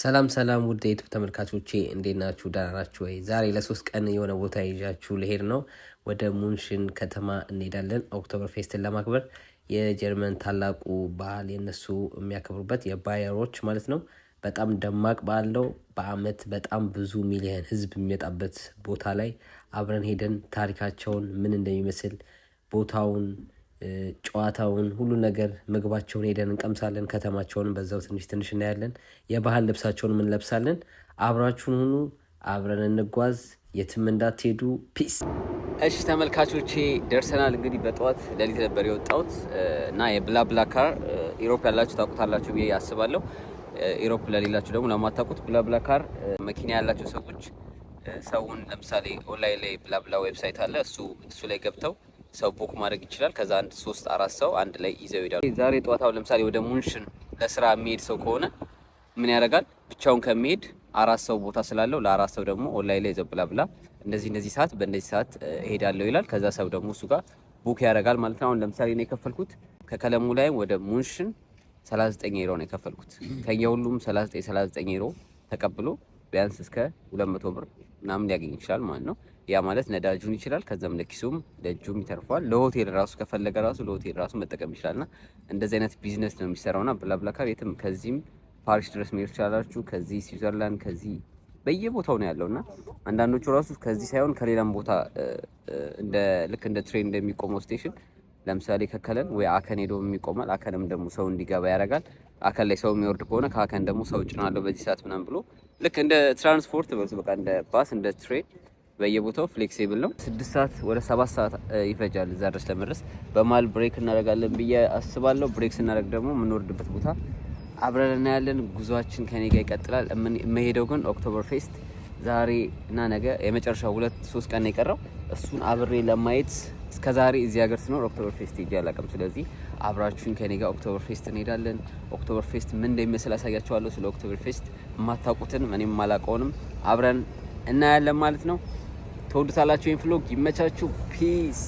ሰላም ሰላም ውድ የዩቱብ ተመልካቾቼ እንዴት ናችሁ? ደህና ናችሁ ወይ? ዛሬ ለሶስት ቀን የሆነ ቦታ ይዣችሁ ልሄድ ነው። ወደ ሙንሽን ከተማ እንሄዳለን ኦክቶበር ፌስትን ለማክበር የጀርመን ታላቁ በዓል የነሱ የሚያከብሩበት የባየሮች ማለት ነው። በጣም ደማቅ በዓል ነው። በአመት በጣም ብዙ ሚሊየን ህዝብ የሚመጣበት ቦታ ላይ አብረን ሄደን ታሪካቸውን ምን እንደሚመስል ቦታውን ጨዋታውን ሁሉ ነገር ምግባቸውን ሄደን እንቀምሳለን። ከተማቸውንም በዛው ትንሽ ትንሽ እናያለን። የባህል ልብሳቸውንም እንለብሳለን። አብራችሁን ሁኑ፣ አብረን እንጓዝ፣ የትም እንዳትሄዱ። ፒስ። እሺ ተመልካቾቼ ደርሰናል። እንግዲህ በጠዋት ሌሊት ነበር የወጣሁት እና የብላብላ ካር ኢሮፕ ያላችሁ ታውቁታላችሁ ብዬ አስባለሁ። ኢሮፕ ለሌላችሁ ደግሞ ለማታውቁት ብላብላ ካር መኪና ያላቸው ሰዎች ሰውን ለምሳሌ ኦንላይን ላይ ብላብላ ዌብሳይት አለ እሱ እሱ ላይ ገብተው ሰው ቡክ ማድረግ ይችላል። ከዛ አንድ ሶስት አራት ሰው አንድ ላይ ይዘው ይሄዳሉ። ዛሬ ጠዋታው ለምሳሌ ወደ ሙንሽን ለስራ የሚሄድ ሰው ከሆነ ምን ያደርጋል? ብቻውን ከሚሄድ አራት ሰው ቦታ ስላለው ለአራት ሰው ደግሞ ኦንላይን ላይ ይዘው ብላ ብላ እንደዚህ እነዚህ ሰዓት በእነዚህ ሰዓት እሄዳለሁ ይላል። ከዛ ሰው ደግሞ እሱ ጋር ቡክ ያደርጋል ማለት ነው። አሁን ለምሳሌ ነው የከፈልኩት ከከለሙ ላይ ወደ ሙንሽን 39 ዩሮ ነው የከፈልኩት። ከኛ ሁሉም 39 ዩሮ ተቀብሎ ቢያንስ እስከ 200 ብር ምናምን ሊያገኝ ይችላል ማለት ነው። ያ ማለት ነዳጁን ይችላል። ከዛም ለኪሱም ለእጁም ይተርፏል። ለሆቴል ራሱ ከፈለገ ራሱ ለሆቴል ራሱ መጠቀም ይችላልና እንደዚህ አይነት ቢዝነስ ነው የሚሰራውና ብላብላካር የትም ከዚህም ፓሪስ ድረስ መሄድ ትችላላችሁ። ከዚህ ስዊዘርላንድ፣ ከዚህ በየቦታው ነው ያለውና አንዳንዶቹ ራሱ ከዚህ ሳይሆን ከሌላም ቦታ እንደ ልክ እንደ ትሬን እንደሚቆመው ስቴሽን ለምሳሌ ከከለን ወይ አከን ሄዶ የሚቆማል። አከንም ደግሞ ሰው እንዲገባ ያደርጋል። አከን ላይ ሰው የሚወርድ ከሆነ ከአከን ደግሞ ሰው ጭናለሁ በዚህ ሰዓት ምናምን ብሎ ልክ እንደ ትራንስፖርት በቃ እንደ ባስ እንደ ትሬን በየቦታው ፍሌክሲብል ነው። ስድስት ሰዓት ወደ ሰባት ሰዓት ይፈጃል እዛ ድረስ ለመድረስ። በመሀል ብሬክ እናደርጋለን ብዬ አስባለሁ። ብሬክ ስናደርግ ደግሞ የምንወርድበት ቦታ አብረን እናያለን። ጉዟችን ከኔ ጋር ይቀጥላል። የምሄደው ግን ኦክቶበር ፌስት ዛሬ እና ነገ የመጨረሻ ሁለት ሶስት ቀን የቀረው እሱን አብሬ ለማየት እስከ ዛሬ እዚህ ሀገር ስኖር ኦክቶበር ፌስት ሄጄ አላውቅም። ስለዚህ አብራችሁን ከኔ ጋር ኦክቶበር ፌስት እንሄዳለን። ኦክቶበር ፌስት ምን እንደሚመስል አሳያችኋለሁ። ስለ ኦክቶበር ፌስት የማታውቁትን እኔም የማላውቀውንም አብረን እናያለን ማለት ነው። ተወዱታላችሁ። ይህን ፍሎግ ይመቻችሁ። ፒስ።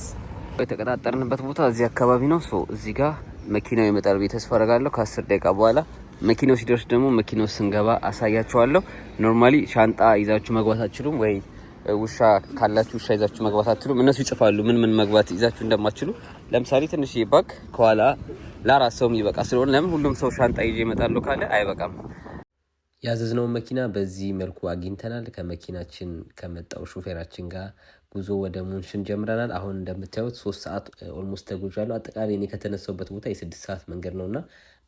የተቀጣጠርንበት ቦታ እዚህ አካባቢ ነው። ሶ እዚህ ጋር መኪናው ይመጣል ብዬ ተስፋ አደርጋለሁ ከአስር ደቂቃ በኋላ መኪናው ሲደርስ ደግሞ መኪናው ስንገባ አሳያችኋለሁ። ኖርማሊ ሻንጣ ይዛችሁ መግባት አትችሉም፣ ወይ ውሻ ካላችሁ ውሻ ይዛችሁ መግባት አትችሉም። እነሱ ይጽፋሉ ምን ምን መግባት ይዛችሁ እንደማትችሉ። ለምሳሌ ትንሽ ባግ ከኋላ ለአራት ሰው የሚበቃ ስለሆነ ለምን ሁሉም ሰው ሻንጣ ይዤ እመጣለሁ ካለ አይበቃም። ያዘዝነውን መኪና በዚህ መልኩ አግኝተናል። ከመኪናችን ከመጣው ሹፌራችን ጋር ጉዞ ወደ ሙንሽን ጀምረናል። አሁን እንደምታዩት ሶስት ሰዓት ኦልሞስት ተጉዣለሁ። አጠቃላይ እኔ ከተነሳሁበት ቦታ የስድስት ሰዓት መንገድ ነው እና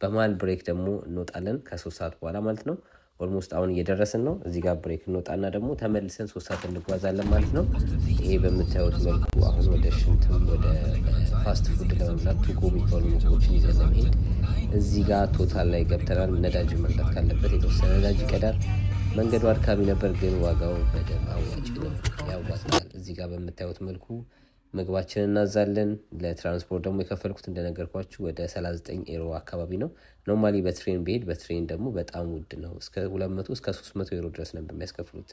በመሀል ብሬክ ደግሞ እንወጣለን ከሶስት ሰዓት በኋላ ማለት ነው። ኦልሞስት አሁን እየደረስን ነው። እዚህ ጋር ብሬክ እንወጣና ደግሞ ተመልሰን ሶስት ሰዓት እንጓዛለን ማለት ነው። ይሄ በምታዩት መልኩ አሁን ወደ ሽንትም ወደ ፋስት ፉድ ለመብላት ቱጎ የሚባሉ ምግቦችን ይዘን ለመሄድ እዚህ ጋር ቶታል ላይ ገብተናል። ነዳጅ መምጣት ካለበት የተወሰነ ነዳጅ ይቀዳል። መንገዱ አድካሚ ነበር፣ ግን ዋጋው በደንብ አዋጭ ነው፣ ያዋጣል። እዚህ ጋር በምታዩት መልኩ ምግባችን እናዛለን። ለትራንስፖርት ደግሞ የከፈልኩት እንደነገርኳችሁ ወደ 39 ኤሮ አካባቢ ነው። ኖርማሊ በትሬን ብሄድ በትሬን ደግሞ በጣም ውድ ነው። እስከ 200 እስከ 300 ኤሮ ድረስ ነው የሚያስከፍሉት።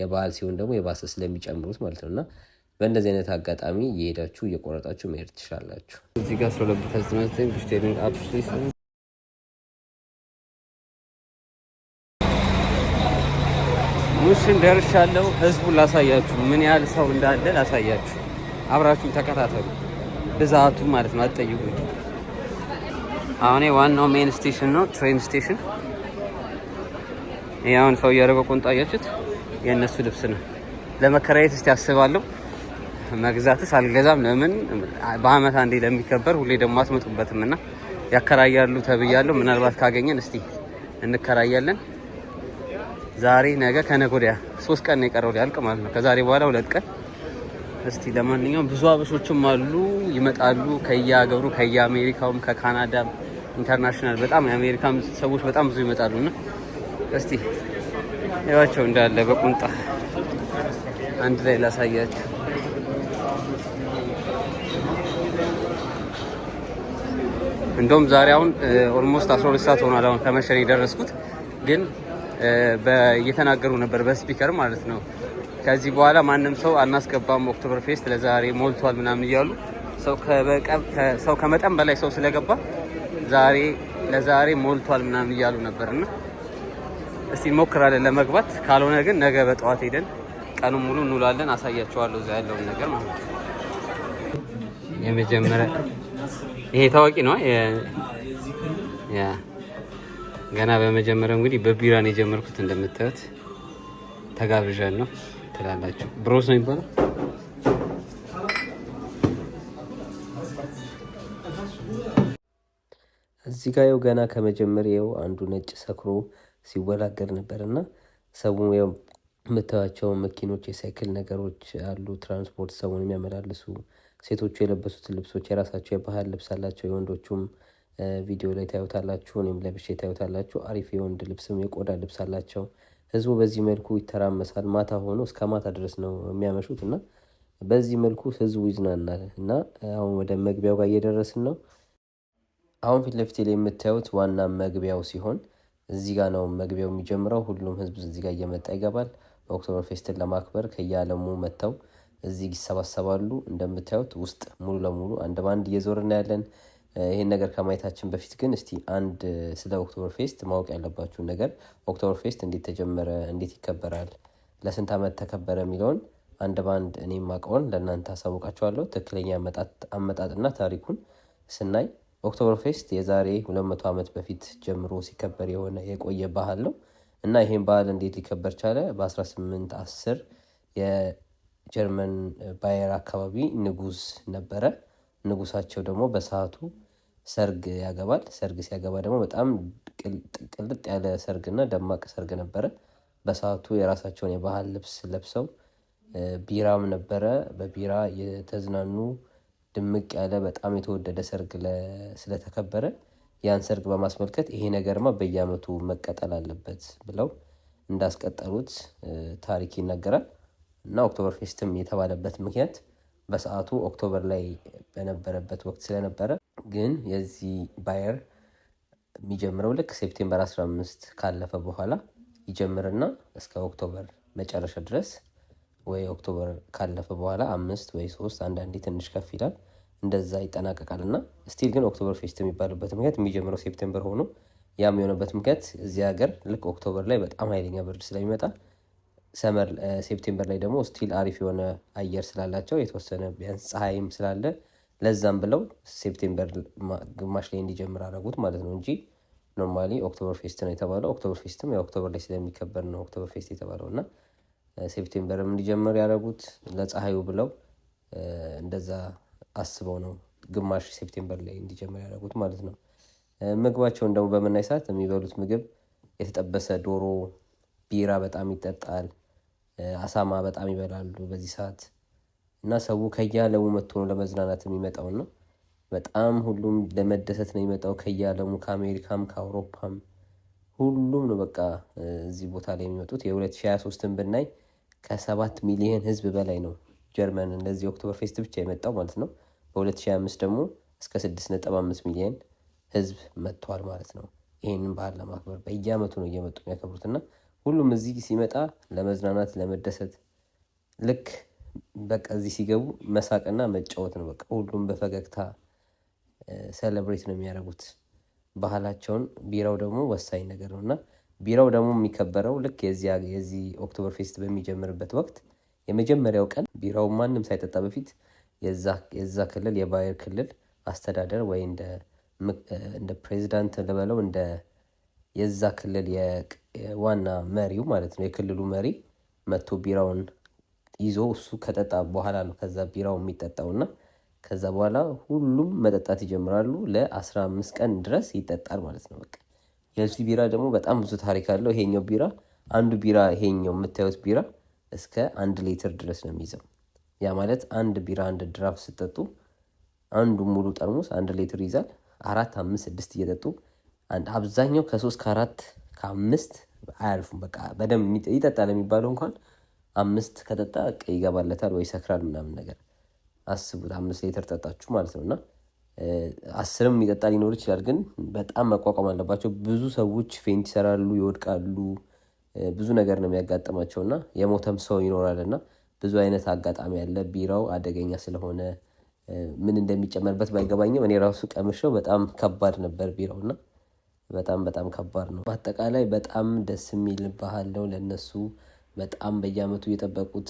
የበዓል ሲሆን ደግሞ የባሰ ስለሚጨምሩት ማለት ነው እና በእንደዚህ አይነት አጋጣሚ እየሄዳችሁ እየቆረጣችሁ መሄድ ትችላላችሁ። እዚህ ጋር ሙሽን ደርሻለሁ። ህዝቡ ላሳያችሁ፣ ምን ያህል ሰው እንዳለ ላሳያችሁ አብራችሁን ተከታተሉ። ብዛቱ ማለት ነው አትጠይቁ። አሁን ዋናው ሜን ስቴሽን ነው፣ ትሬን ስቴሽን። ይህ አሁን ሰው እያደረገው ቁንጣ አያችሁት? የእነሱ ልብስ ነው። ለመከራየት እስቲ አስባለሁ። መግዛትስ አልገዛም። ለምን በአመት አንዴ ለሚከበር ሁሌ ደግሞ አትመጡበትም እና ያከራያሉ ተብያለሁ። ምናልባት ካገኘን እስቲ እንከራያለን። ዛሬ ነገ ከነጎዳያ ሶስት ቀን ነው የቀረው ሊያልቅ ማለት ነው። ከዛሬ በኋላ ሁለት ቀን እስቲ ለማንኛውም ብዙ አበሾችም አሉ ይመጣሉ፣ ከየሀገሩ ከየአሜሪካውም፣ ከካናዳ ኢንተርናሽናል በጣም የአሜሪካ ሰዎች በጣም ብዙ ይመጣሉ እና እስቲ ያቸው እንዳለ በቁንጣ አንድ ላይ ላሳያችሁ። እንደውም ዛሬ አሁን ኦልሞስት 12 ሰዓት ሆኗል። አሁን ከመሸን የደረስኩት ግን እየተናገሩ ነበር በስፒከር ማለት ነው ከዚህ በኋላ ማንም ሰው አናስገባም ኦክቶበር ፌስት ለዛሬ ሞልቷል ምናምን እያሉ ሰው ከመጠን በላይ ሰው ስለገባ ዛሬ ለዛሬ ሞልቷል ምናምን እያሉ ነበርና እስቲ እንሞክራለን ለመግባት። ካልሆነ ግን ነገ በጠዋት ሄደን ቀኑን ሙሉ እንውላለን። አሳያቸዋለሁ እዛ ያለውን ነገር ማለት ነው። የመጀመሪያ ይሄ ታዋቂ ነው። ያ ገና በመጀመሪያው እንግዲህ በቢራን የጀመርኩት እንደምታዩት ተጋብዣን ነው። ትችላላችሁ። ብሮስ ነው የሚባለው። እዚህ ጋ ያው ገና ከመጀመሪያው አንዱ ነጭ ሰክሮ ሲወላገር ነበር እና ሰው ያው የምታዩቸው መኪኖች፣ የሳይክል ነገሮች አሉ፣ ትራንስፖርት ሰውን የሚያመላልሱ ሴቶቹ የለበሱት ልብሶች የራሳቸው የባህል ልብስ አላቸው። የወንዶቹም ቪዲዮ ላይ ታዩታላችሁ፣ እኔም ለብሼ ታዩታላችሁ። አሪፍ የወንድ ልብስም የቆዳ ልብስ አላቸው። ህዝቡ በዚህ መልኩ ይተራመሳል። ማታ ሆኖ እስከ ማታ ድረስ ነው የሚያመሹት እና በዚህ መልኩ ህዝቡ ይዝናናል እና አሁን ወደ መግቢያው ጋር እየደረስን ነው። አሁን ፊት ለፊት ላይ የምታዩት ዋና መግቢያው ሲሆን እዚህ ጋር ነው መግቢያው የሚጀምረው። ሁሉም ህዝብ እዚህ ጋር እየመጣ ይገባል። በኦክቶበር ፌስትን ለማክበር ከየዓለሙ መጥተው እዚህ ይሰባሰባሉ። እንደምታዩት ውስጥ ሙሉ ለሙሉ አንድ ባንድ እየዞርና ያለን ይህን ነገር ከማየታችን በፊት ግን እስቲ አንድ ስለ ኦክቶበር ፌስት ማወቅ ያለባችሁን ነገር ኦክቶበር ፌስት እንዴት ተጀመረ፣ እንዴት ይከበራል፣ ለስንት ዓመት ተከበረ የሚለውን አንድ በአንድ እኔም ማቀውን ለእናንተ አሳውቃችኋለሁ። ትክክለኛ አመጣጥና ታሪኩን ስናይ ኦክቶበር ፌስት የዛሬ 200 ዓመት በፊት ጀምሮ ሲከበር የሆነ የቆየ ባህል ነው እና ይህም ባህል እንዴት ሊከበር ቻለ? በ1810 የጀርመን ባየር አካባቢ ንጉስ ነበረ። ንጉሳቸው ደግሞ በሰዓቱ ሰርግ ያገባል። ሰርግ ሲያገባ ደግሞ በጣም ቅልጥ ያለ ሰርግና ደማቅ ሰርግ ነበረ። በሰዓቱ የራሳቸውን የባህል ልብስ ለብሰው ቢራም ነበረ። በቢራ የተዝናኑ ድምቅ ያለ በጣም የተወደደ ሰርግ ስለተከበረ ያን ሰርግ በማስመልከት ይሄ ነገርማ በየዓመቱ መቀጠል አለበት ብለው እንዳስቀጠሉት ታሪክ ይነገራል። እና ኦክቶበር ፌስትም የተባለበት ምክንያት በሰዓቱ ኦክቶበር ላይ በነበረበት ወቅት ስለነበረ ግን የዚህ ባየር የሚጀምረው ልክ ሴፕቴምበር 15 ካለፈ በኋላ ይጀምርና እስከ ኦክቶበር መጨረሻ ድረስ ወይ ኦክቶበር ካለፈ በኋላ አምስት ወይ ሶስት አንዳንዴ ትንሽ ከፍ ይላል እንደዛ ይጠናቀቃል እና ስቲል ግን ኦክቶበር ፌስት የሚባልበት ምክንያት የሚጀምረው ሴፕቴምበር ሆኖ ያም የሆነበት ምክንያት እዚህ ሀገር ልክ ኦክቶበር ላይ በጣም ኃይለኛ ብርድ ስለሚመጣ ሰመር ሴፕቴምበር ላይ ደግሞ ስቲል አሪፍ የሆነ አየር ስላላቸው የተወሰነ ቢያንስ ፀሐይም ስላለ ለዛም ብለው ሴፕቴምበር ግማሽ ላይ እንዲጀምር አደረጉት ማለት ነው እንጂ ኖርማሊ ኦክቶበር ፌስት ነው የተባለው። ኦክቶበር ፌስትም ኦክቶበር ላይ ስለሚከበር ነው ኦክቶበር ፌስት የተባለው እና ሴፕቴምበርም እንዲጀምር ያደረጉት ለፀሐዩ ብለው እንደዛ አስበው ነው ግማሽ ሴፕቴምበር ላይ እንዲጀምር ያደረጉት ማለት ነው። ምግባቸውን ደግሞ በምናይ ሰዓት የሚበሉት ምግብ የተጠበሰ ዶሮ፣ ቢራ በጣም ይጠጣል፣ አሳማ በጣም ይበላሉ በዚህ ሰዓት እና ሰው ከያለሙ መጥቶ ነው ለመዝናናት የሚመጣው ነው። በጣም ሁሉም ለመደሰት ነው የሚመጣው ከያለሙ፣ ከአሜሪካም ከአውሮፓም ሁሉም ነው በቃ እዚህ ቦታ ላይ የሚመጡት። የ2023ን ብናይ ከሰባት ሚሊዮን ህዝብ በላይ ነው ጀርመን እንደዚህ ኦክቶበር ፌስት ብቻ የመጣው ማለት ነው። በ2025 ደግሞ እስከ 6.5 ሚሊዮን ህዝብ መጥቷል ማለት ነው። ይህንን ባህል ለማክበር በየዓመቱ ነው እየመጡ የሚያከብሩት እና ሁሉም እዚህ ሲመጣ ለመዝናናት ለመደሰት ልክ በቃ እዚህ ሲገቡ መሳቅና መጫወት ነው። በቃ ሁሉም በፈገግታ ሴሌብሬት ነው የሚያደርጉት ባህላቸውን። ቢራው ደግሞ ወሳኝ ነገር ነው እና ቢራው ደግሞ የሚከበረው ልክ የዚህ ኦክቶበር ፌስት በሚጀምርበት ወቅት የመጀመሪያው ቀን ቢራው ማንም ሳይጠጣ በፊት የዛ ክልል የባየር ክልል አስተዳደር ወይ እንደ ፕሬዚዳንት ልበለው እንደ የዛ ክልል ዋና መሪው ማለት ነው የክልሉ መሪ መጥቶ ቢራውን ይዞ እሱ ከጠጣ በኋላ ነው ከዛ ቢራው የሚጠጣው እና ከዛ በኋላ ሁሉም መጠጣት ይጀምራሉ። ለአስራ አምስት ቀን ድረስ ይጠጣል ማለት ነው። በቃ የልሲ ቢራ ደግሞ በጣም ብዙ ታሪክ አለው። ይሄኛው ቢራ አንዱ ቢራ ይሄኛው የምታዩት ቢራ እስከ አንድ ሊትር ድረስ ነው የሚይዘው። ያ ማለት አንድ ቢራ አንድ ድራፍ ስጠጡ አንዱ ሙሉ ጠርሙስ አንድ ሊትር ይዛል። አራት አምስት ስድስት እየጠጡ አብዛኛው ከሶስት ከአራት ከአምስት አያልፉም። በቃ በደንብ ይጠጣል የሚባለው እንኳን አምስት ከጠጣ ይገባለታል ወይ ሰክራል ምናምን ነገር አስቡት። አምስት ሌተር ጠጣችሁ ማለት ነው እና አስርም የሚጠጣ ሊኖር ይችላል። ግን በጣም መቋቋም አለባቸው። ብዙ ሰዎች ፌንት ይሰራሉ፣ ይወድቃሉ፣ ብዙ ነገር ነው የሚያጋጥማቸው እና የሞተም ሰው ይኖራል እና ብዙ አይነት አጋጣሚ አለ። ቢራው አደገኛ ስለሆነ ምን እንደሚጨመርበት ባይገባኝም እኔ ራሱ ቀምሸው በጣም ከባድ ነበር ቢራው እና በጣም በጣም ከባድ ነው። በአጠቃላይ በጣም ደስ የሚል ባህል ነው ለእነሱ በጣም በየአመቱ የጠበቁት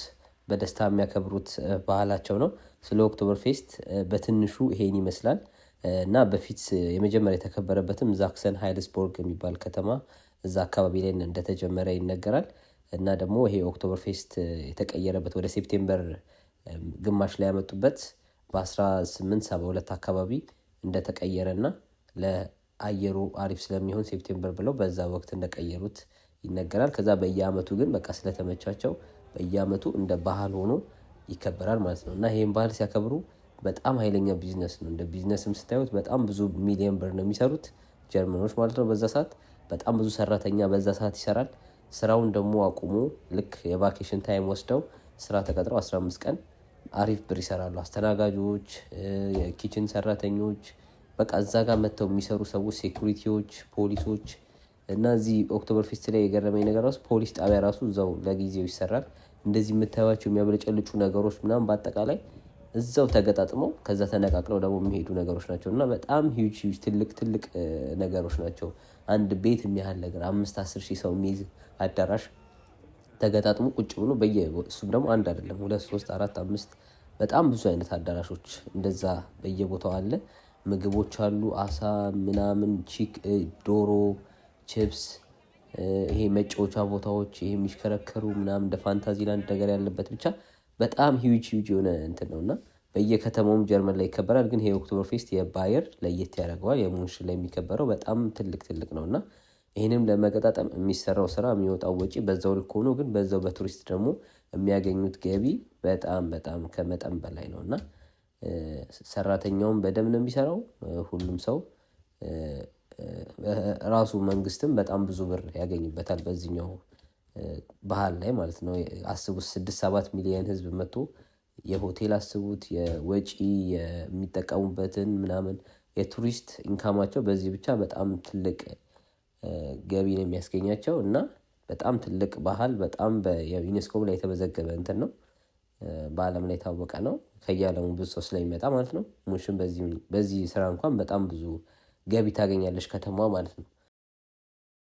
በደስታ የሚያከብሩት ባህላቸው ነው። ስለ ኦክቶበር ፌስት በትንሹ ይሄን ይመስላል እና በፊት የመጀመሪያ የተከበረበትም ዛክሰን ሃይልስቦርግ የሚባል ከተማ እዛ አካባቢ ላይ እንደተጀመረ ይነገራል እና ደግሞ ይሄ ኦክቶበር ፌስት የተቀየረበት ወደ ሴፕቴምበር ግማሽ ላይ ያመጡበት በ1872 አካባቢ እንደተቀየረ እና ለአየሩ አሪፍ ስለሚሆን ሴፕቴምበር ብለው በዛ ወቅት እንደቀየሩት ይነገራል። ከዛ በየአመቱ ግን በቃ ስለተመቻቸው በየአመቱ እንደ ባህል ሆኖ ይከበራል ማለት ነው እና ይህም ባህል ሲያከብሩ በጣም ኃይለኛ ቢዝነስ ነው። እንደ ቢዝነስም ስታዩት በጣም ብዙ ሚሊዮን ብር ነው የሚሰሩት ጀርመኖች ማለት ነው። በዛ ሰዓት በጣም ብዙ ሰራተኛ በዛ ሰዓት ይሰራል። ስራውን ደግሞ አቁሞ ልክ የቫኬሽን ታይም ወስደው ስራ ተቀጥረው 15 ቀን አሪፍ ብር ይሰራሉ። አስተናጋጆች፣ የኪችን ሰራተኞች፣ በቃ እዛ ጋር መጥተው የሚሰሩ ሰዎች፣ ሴኩሪቲዎች፣ ፖሊሶች እና እዚህ ኦክቶበር ፌስት ላይ የገረመኝ ነገር ራሱ ፖሊስ ጣቢያ ራሱ እዛው ለጊዜው ይሰራል። እንደዚህ የምታዩቸው የሚያብለጨልጩ ነገሮች ምናምን በአጠቃላይ እዛው ተገጣጥመው ከዛ ተነቃቅለው ደግሞ የሚሄዱ ነገሮች ናቸው እና በጣም ሂውጅ ሂውጅ ትልቅ ትልቅ ነገሮች ናቸው። አንድ ቤት የሚያህል ነገር አምስት አስር ሺህ ሰው የሚይዝ አዳራሽ ተገጣጥሞ ቁጭ ብሎ በየ እሱም ደግሞ አንድ አይደለም ሁለት ሶስት አራት አምስት በጣም ብዙ አይነት አዳራሾች እንደዛ በየቦታው አለ። ምግቦች አሉ፣ አሳ ምናምን፣ ቺክ ዶሮ ችፕስ፣ ይሄ መጫወቻ ቦታዎች፣ ይሄ የሚሽከረከሩ ምናምን እንደ ፋንታዚላንድ ነገር ያለበት ብቻ በጣም ሂዩጅ ሂዩጅ የሆነ እንትን ነው እና በየከተማውም ጀርመን ላይ ይከበራል። ግን ይሄ ኦክቶበር ፌስት የባየር ለየት ያደርገዋል። የሙንሽን ላይ የሚከበረው በጣም ትልቅ ትልቅ ነው እና ይህንም ለመቀጣጠም የሚሰራው ስራ የሚወጣው ወጪ በዛው ልክ ሆኖ ግን በዛው በቱሪስት ደግሞ የሚያገኙት ገቢ በጣም በጣም ከመጠን በላይ ነው እና ሰራተኛውም በደንብ ነው የሚሰራው ሁሉም ሰው ራሱ መንግስትም በጣም ብዙ ብር ያገኝበታል በዚህኛው ባህል ላይ ማለት ነው። አስቡት ስድስት ሰባት ሚሊየን ህዝብ መጥቶ የሆቴል አስቡት የወጪ የሚጠቀሙበትን ምናምን የቱሪስት ኢንካማቸው በዚህ ብቻ በጣም ትልቅ ገቢ ነው የሚያስገኛቸው እና በጣም ትልቅ ባህል በጣም በዩኔስኮ ላይ የተመዘገበ እንትን ነው። በዓለም ላይ የታወቀ ነው። ከየዓለሙ ብዙ ሰው ስለሚመጣ ማለት ነው። ሙሽን በዚህ ስራ እንኳን በጣም ብዙ ገቢ ታገኛለች ከተማዋ ማለት ነው።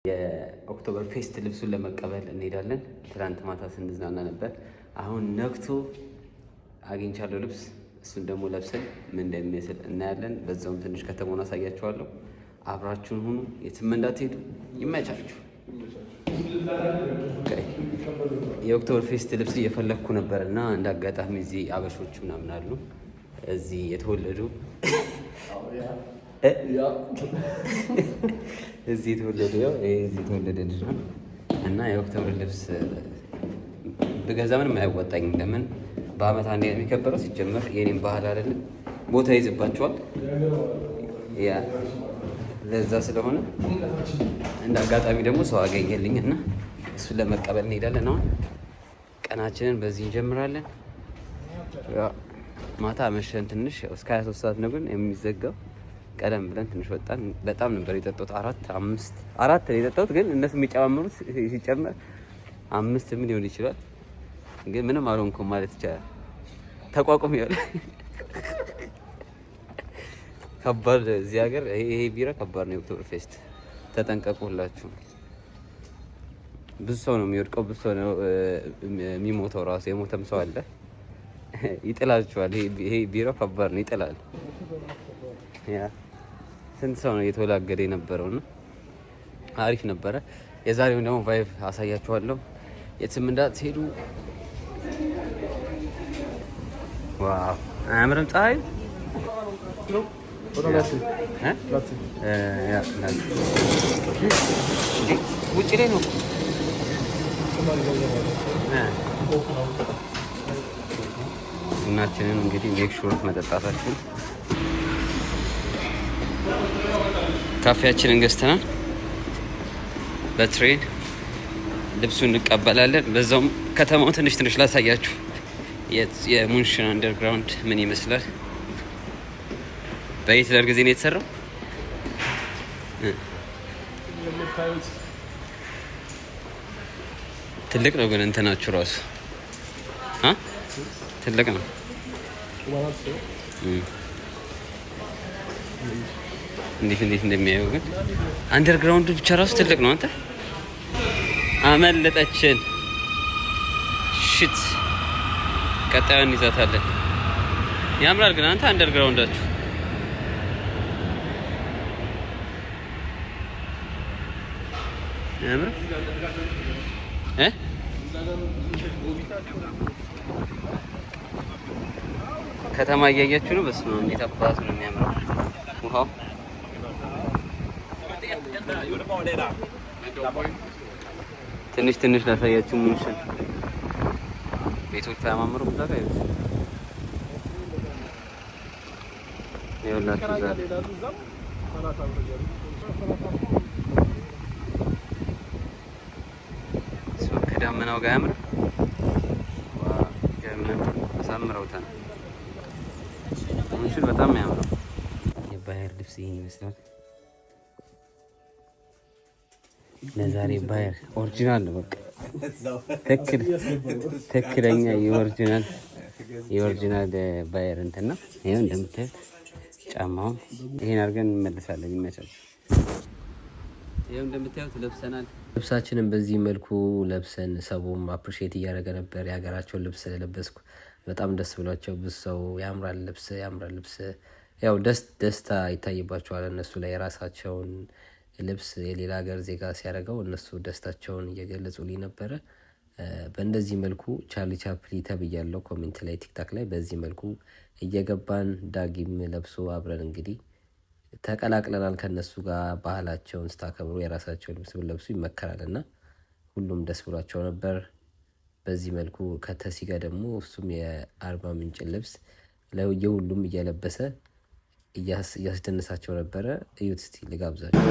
የኦክቶበር ፌስት ልብሱን ለመቀበል እንሄዳለን። ትናንት ማታ ስንዝናና ነበር። አሁን ነግቶ አግኝቻለሁ ልብስ። እሱን ደግሞ ለብሰን ምን እንደሚመስል እናያለን። በዛውም ትንሽ ከተማውን አሳያችኋለሁ። አብራችሁን ሁኑ፣ የትም እንዳትሄዱ። ይመቻችሁ። የኦክቶበር ፌስት ልብስ እየፈለግኩ ነበር እና እንደ አጋጣሚ እዚህ አበሾች ምናምን አሉ እዚህ የተወለዱ እዚህ የተወለደ እዚህ ተወለደ ልጅ ነው እና የኦክቶብር ልብስ ብገዛ ምንም አያወጣኝም። ለምን በአመት አንድ የሚከበረው ሲጀመር የኔም ባህል አይደለም፣ ቦታ ይዝባቸዋል። ያ ለዛ ስለሆነ እንደ አጋጣሚ ደግሞ ሰው አገኘልኝ እና እሱን ለመቀበል እንሄዳለን። አሁን ቀናችንን በዚህ እንጀምራለን። ማታ መሸን ትንሽ እስከ 23 ሰዓት ነው ግን የሚዘጋው ቀደም ብለን ትንሽ ወጣን። በጣም ነበር የጠጡት። አራት አምስት አራት ነው የጠጡት፣ ግን እነሱ የሚጨማምሩት ሲጨመር አምስት ምን ሊሆን ይችላል። ግን ምንም አልሆንኩም ማለት ይቻላል። ተቋቁም ያለ ከባድ እዚህ ሀገር ይሄ ቢራ ከባድ ነው። የኦክቶበር ፌስት ተጠንቀቁ ሁላችሁ። ብዙ ሰው ነው የሚወድቀው፣ ብዙ ሰው ነው የሚሞተው። ራሱ የሞተም ሰው አለ። ይጥላችኋል። ይሄ ቢራ ከባድ ነው፣ ይጥላል። ስንት ሰው ነው እየተወላገደ የነበረው ና አሪፍ ነበረ። የዛሬውን ደግሞ ቫይቭ አሳያችኋለሁ። የትም እንዳትሄዱ። ዋው አያምርም ፀሐይ ውጭ ላይ ነው። ቡናችንን እንግዲህ ሜክ ሹር መጠጣታችን ካፌያችንን ገዝተናል። በትሬን ልብሱን እንቀበላለን። በዛውም ከተማው ትንሽ ትንሽ ላሳያችሁ። የሙንሽን አንደርግራውንድ ምን ይመስላል? በሂትለር ጊዜ ነው የተሰራው። ትልቅ ነው ግን እንትናችሁ ራሱ ትልቅ ነው። እንዴት እንዴት እንደሚያዩ ግን አንደርግራውንዱ ብቻ ራሱ ትልቅ ነው። አንተ አመለጠችን። ሽት ቀጣዩን ይዛታለን። ያምራል ግን አንተ አንደርግራውንዳችሁ ከተማ እያያችሁ ነው። በስመ አብ እንዴት አባቱ ነው የሚያምረው ውሃው ትንሽ ትንሽ ላሳያችሁ። ሙንሽን ቤቶቹ ያማምሩ ብዛ ጋር ይኸውላችሁ ዛሬ ከዳመናው ጋር ያምር አሳምረውታል። ሙንሽን በጣም ያምረው የባህር ልብስ ይህን ይመስላል። ለዛሬ ባየር ኦሪጂናል ነው። በቃ ትክክለኛ የኦሪጂናል የኦሪጂናል ባየር እንትን ነው። ይኸው እንደምታዩት ጫማውን ይሄን አድርገን እንመልሳለን። ይመቻል። ይኸው እንደምታዩት ለብሰናል። ልብሳችንን በዚህ መልኩ ለብሰን ሰውም አፕሪሼት እያደረገ ነበር። የሀገራቸውን ልብስ ለበስኩ። በጣም ደስ ብሏቸው ብዙ ሰው ያምራል ልብስ ያምራል ልብስ ያው ደስ ደስታ ይታይባቸዋል እነሱ ላይ የራሳቸውን ልብስ የሌላ ሀገር ዜጋ ሲያደርገው እነሱ ደስታቸውን እየገለጹልኝ ነበረ። በእንደዚህ መልኩ ቻርሊ ቻፕሊ ተብያለው ኮሜንት ላይ ቲክታክ ላይ በዚህ መልኩ እየገባን ዳጊም ለብሶ አብረን እንግዲህ ተቀላቅለናል ከነሱ ጋር ባህላቸውን ስታከብሩ የራሳቸው ልብስ ብለብሱ ይመከራል እና ሁሉም ደስ ብሏቸው ነበር። በዚህ መልኩ ከተሲ ጋር ደግሞ እሱም የአርባ ምንጭ ልብስ የሁሉም እየለበሰ እያስደነሳቸው ነበረ። እዩት እስቲ ልጋብዛቸው።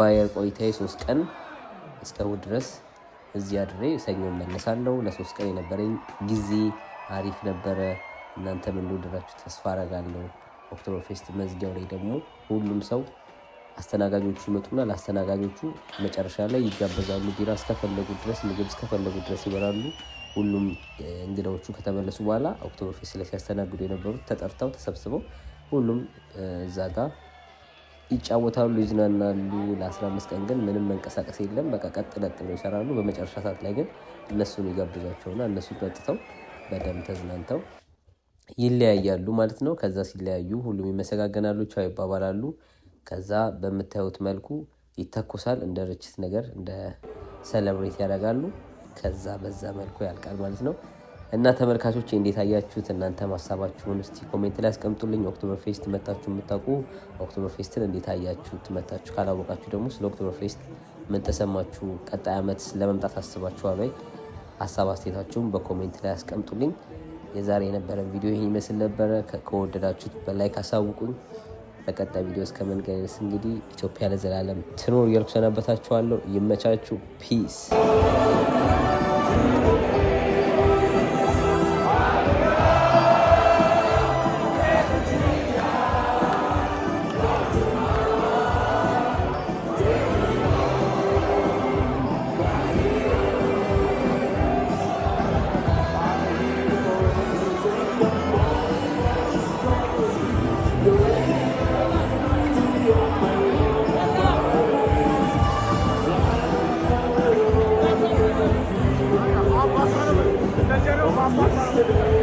የባየር ቆይታ ሶስት ቀን እስከ እሑድ ድረስ እዚህ አድሬ ሰኞ እመለሳለሁ። ለሶስት ቀን የነበረኝ ጊዜ አሪፍ ነበረ። እናንተም እንደወደዳችሁ ተስፋ አረጋለሁ። ኦክቶበር ፌስት መዝጊያው ላይ ደግሞ ሁሉም ሰው አስተናጋጆቹ ይመጡና ለአስተናጋጆቹ መጨረሻ ላይ ይጋበዛሉ። ቢራ እስከፈለጉ ድረስ፣ ምግብ እስከፈለጉ ድረስ ይበላሉ። ሁሉም እንግዳዎቹ ከተመለሱ በኋላ ኦክቶበር ፌስት ላይ ሲያስተናግዱ የነበሩት ተጠርተው ተሰብስበው ሁሉም እዛ ጋር ይጫወታሉ፣ ይዝናናሉ። ለ15 ቀን ግን ምንም መንቀሳቀስ የለም። በቃ ቀጥ ለጥ ነው ይሰራሉ። በመጨረሻ ሰዓት ላይ ግን እነሱን ይጋብዟቸውና እነሱን ጠጥተው በደንብ ተዝናንተው ይለያያሉ ማለት ነው። ከዛ ሲለያዩ ሁሉም ይመሰጋገናሉ፣ ቻው ይባባላሉ። ከዛ በምታዩት መልኩ ይተኮሳል፣ እንደ ርችት ነገር እንደ ሰለብሬት ያደርጋሉ። ከዛ በዛ መልኩ ያልቃል ማለት ነው። እና ተመልካቾች እንዴት አያችሁት? እናንተ ማሳባችሁን እስቲ ኮሜንት ላይ አስቀምጡልኝ። ኦክቶበር ፌስት መታችሁ የምታውቁ ኦክቶበር ፌስትን እንዴት አያችሁት? መታችሁ ካላወቃችሁ ደግሞ ስለ ኦክቶበር ፌስት ምን ተሰማችሁ? ቀጣይ ዓመት ለመምጣት አስባችኋል ወይ? ሀሳብ አስተያየታችሁን በኮሜንት ላይ አስቀምጡልኝ። የዛሬ የነበረን ቪዲዮ ይህን ይመስል ነበረ። ከወደዳችሁት በላይክ አሳውቁኝ። በቀጣይ ቪዲዮ እስከምንገናኝ እንግዲህ ኢትዮጵያ ለዘላለም ትኖር እያልኩ ሰናበታችኋለሁ። ይመቻችሁ። ፒስ to do.